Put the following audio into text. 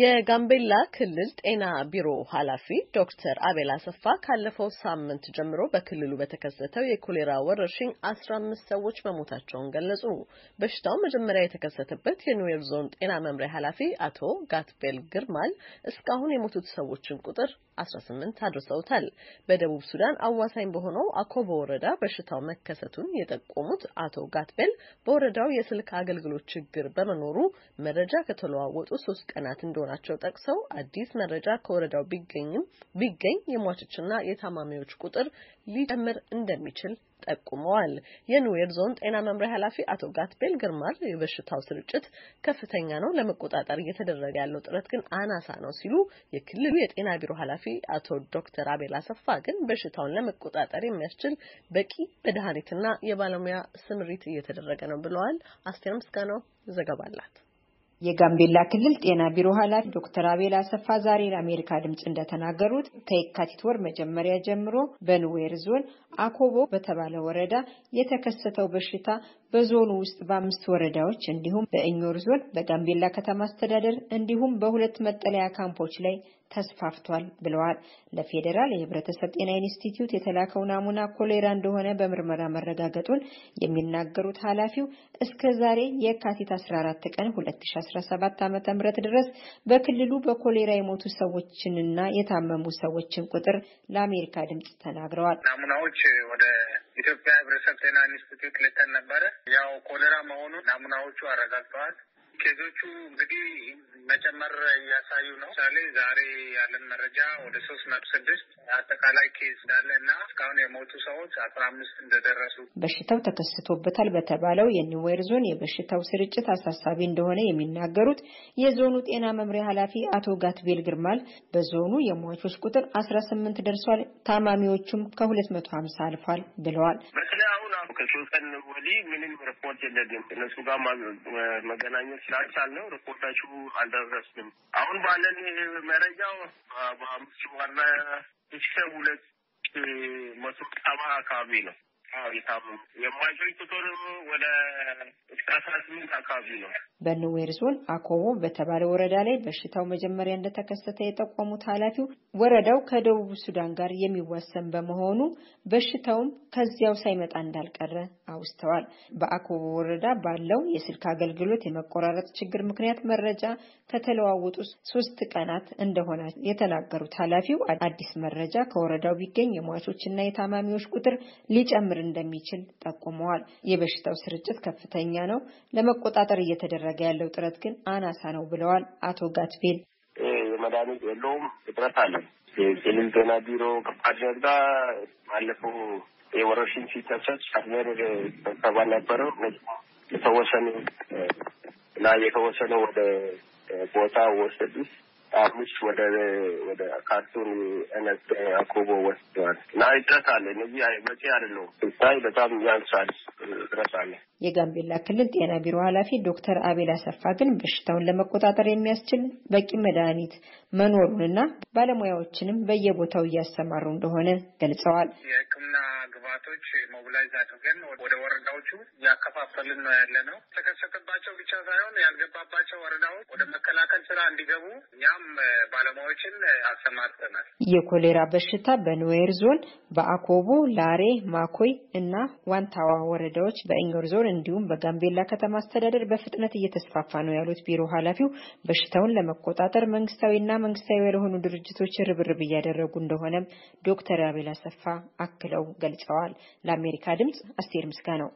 የጋምቤላ ክልል ጤና ቢሮ ኃላፊ ዶክተር አቤል አሰፋ ካለፈው ሳምንት ጀምሮ በክልሉ በተከሰተው የኮሌራ ወረርሽኝ አስራ አምስት ሰዎች መሞታቸውን ገለጹ። በሽታው መጀመሪያ የተከሰተበት የኑዌር ዞን ጤና መምሪያ ኃላፊ አቶ ጋትቤል ግርማል እስካሁን የሞቱት ሰዎችን ቁጥር አስራ ስምንት አድርሰውታል። በደቡብ ሱዳን አዋሳኝ በሆነው አኮቦ ወረዳ በሽታው መከሰቱን የጠቆሙት አቶ ጋትቤል በወረዳው የስልክ አገልግሎት ችግር በመኖሩ መረጃ ከተለዋወጡ ሶስት ቀናት እንደሆነ መኖራቸው ጠቅሰው አዲስ መረጃ ከወረዳው ቢገኝም ቢገኝ የሟቾችና የታማሚዎች ቁጥር ሊጨምር እንደሚችል ጠቁመዋል። የኑዌር ዞን ጤና መምሪያ ኃላፊ አቶ ጋትቤል ግርማል የበሽታው ስርጭት ከፍተኛ ነው፣ ለመቆጣጠር እየተደረገ ያለው ጥረት ግን አናሳ ነው ሲሉ የክልሉ የጤና ቢሮ ኃላፊ አቶ ዶክተር አቤል አሰፋ ግን በሽታውን ለመቆጣጠር የሚያስችል በቂ መድኃኒትና የባለሙያ ስምሪት እየተደረገ ነው ብለዋል። አስቴር ምስጋናው ዘገባ አላት። የጋምቤላ ክልል ጤና ቢሮ ኃላፊ ዶክተር አቤል አሰፋ ዛሬ ለአሜሪካ ድምፅ እንደተናገሩት ከየካቲት ወር መጀመሪያ ጀምሮ በንዌር ዞን አኮቦ በተባለ ወረዳ የተከሰተው በሽታ በዞኑ ውስጥ በአምስት ወረዳዎች እንዲሁም በእኞር ዞን በጋምቤላ ከተማ አስተዳደር እንዲሁም በሁለት መጠለያ ካምፖች ላይ ተስፋፍቷል ብለዋል። ለፌዴራል የህብረተሰብ ጤና ኢንስቲትዩት የተላከው ናሙና ኮሌራ እንደሆነ በምርመራ መረጋገጡን የሚናገሩት ኃላፊው እስከ ዛሬ የካቲት 14 ቀን 2017 ዓ.ም ድረስ በክልሉ በኮሌራ የሞቱ ሰዎችንና የታመሙ ሰዎችን ቁጥር ለአሜሪካ ድምጽ ተናግረዋል። ናሙናዎች ወደ ኢትዮጵያ ህብረተሰብ ጤና ኢንስቲትዩት ልተን ነበረ። ያው ኮሌራ መሆኑን ናሙናዎቹ አረጋግጠዋል። ኬዞቹ እንግዲህ መጨመር እያሳዩ ነው። ምሳሌ ዛሬ ያለን መረጃ ወደ ሶስት መቶ ስድስት አጠቃላይ ኬዝ እንዳለ እና እስካሁን የሞቱ ሰዎች አስራ አምስት እንደደረሱ በሽታው ተከስቶበታል በተባለው የኒዌር ዞን የበሽታው ስርጭት አሳሳቢ እንደሆነ የሚናገሩት የዞኑ ጤና መምሪያ ኃላፊ አቶ ጋትቤል ግርማል በዞኑ የሟቾች ቁጥር አስራ ስምንት ደርሷል፣ ታማሚዎቹም ከሁለት መቶ ሀምሳ አልፏል ብለዋል። ከሶስት ቀን ወዲህ ምንም ሪፖርት የለንም። እነሱ ጋር መገናኘት ስላልቻል ነው ሪፖርታችሁ አልደረስንም። አሁን ባለን መረጃው በአምስት ዋና ቤተሰብ ሁለት መቶ ሰባ አካባቢ ነው። የታመሙ በንዌር ዞን አኮቦ በተባለ ወረዳ ላይ በሽታው መጀመሪያ እንደተከሰተ የጠቆሙት ኃላፊው ወረዳው ከደቡብ ሱዳን ጋር የሚዋሰን በመሆኑ በሽታውም ከዚያው ሳይመጣ እንዳልቀረ አውስተዋል። በአኮቦ ወረዳ ባለው የስልክ አገልግሎት የመቆራረጥ ችግር ምክንያት መረጃ ከተለዋወጡ ሶስት ቀናት እንደሆነ የተናገሩት ኃላፊው አዲስ መረጃ ከወረዳው ቢገኝ የሟቾችና የታማሚዎች ቁጥር ሊጨምር እንደሚችል ጠቁመዋል። የበሽታው ስርጭት ከፍተኛ ነው፣ ለመቆጣጠር እየተደረገ ያለው ጥረት ግን አናሳ ነው ብለዋል አቶ ጋትቤል። የመድኃኒት የለውም እጥረት አለ። የክልል ጤና ቢሮ ከባድ ነግዳ አለፈው የወረርሽኝ ሲከሰት አድሜር ሰባ ነበረው የተወሰኑ እና የተወሰነ ወደ ቦታ ወሰዱ አምሽ ወደ ወደ ካርቱን እነት አኮቦ ወስደዋል እና ይጥረት አለ። እነዚህ በቂ አይደለሁም ሳይ በጣም ያንሳል ጥረት አለ። የጋምቤላ ክልል ጤና ቢሮ ኃላፊ ዶክተር አቤል አሰፋ ግን በሽታውን ለመቆጣጠር የሚያስችል በቂ መድኃኒት መኖሩንና ባለሙያዎችንም በየቦታው እያሰማሩ እንደሆነ ገልጸዋል። የሕክምና ግባቶች ሞቢላይዝ አድርገን ወደ ወረዳዎቹ እያከፋፈልን ነው ያለ ነው። ተከሰተባቸው ብቻ ሳይሆን ያልገባባቸው ወረዳዎች ወደ መከላከል ስራ እንዲገቡ እኛም ባለሙያዎችን አሰማርተናል። የኮሌራ በሽታ በኑዌር ዞን በአኮቦ፣ ላሬ፣ ማኮይ እና ዋንታዋ ወረዳዎች በኢንገር ዞን እንዲሁም በጋምቤላ ከተማ አስተዳደር በፍጥነት እየተስፋፋ ነው ያሉት ቢሮ ኃላፊው በሽታውን ለመቆጣጠር መንግስታዊና መንግስታዊ ያልሆኑ ድርጅቶች ርብርብ እያደረጉ እንደሆነም ዶክተር አቤል አሰፋ አክለው ገልጸዋል። ለአሜሪካ ድምጽ አስቴር ምስጋ ነው።